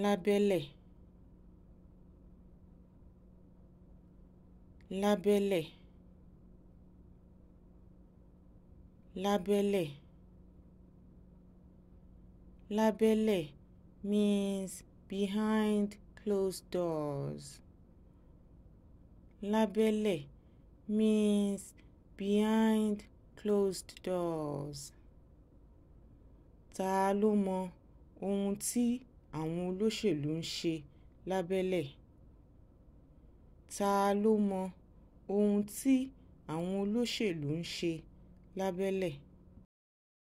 lábẹ́lẹ̀ lábẹ́lẹ̀ lábẹ́lẹ̀ lábẹ́lẹ̀ means behind closed doors lábẹ́lẹ̀ means behind closed doors ta ló mọ ohun tí àwọn olóṣèlú ń ṣe lábẹ́lẹ̀ ta ló mọ ohun tí àwọn olóṣèlú ń ṣe lábẹ́lẹ̀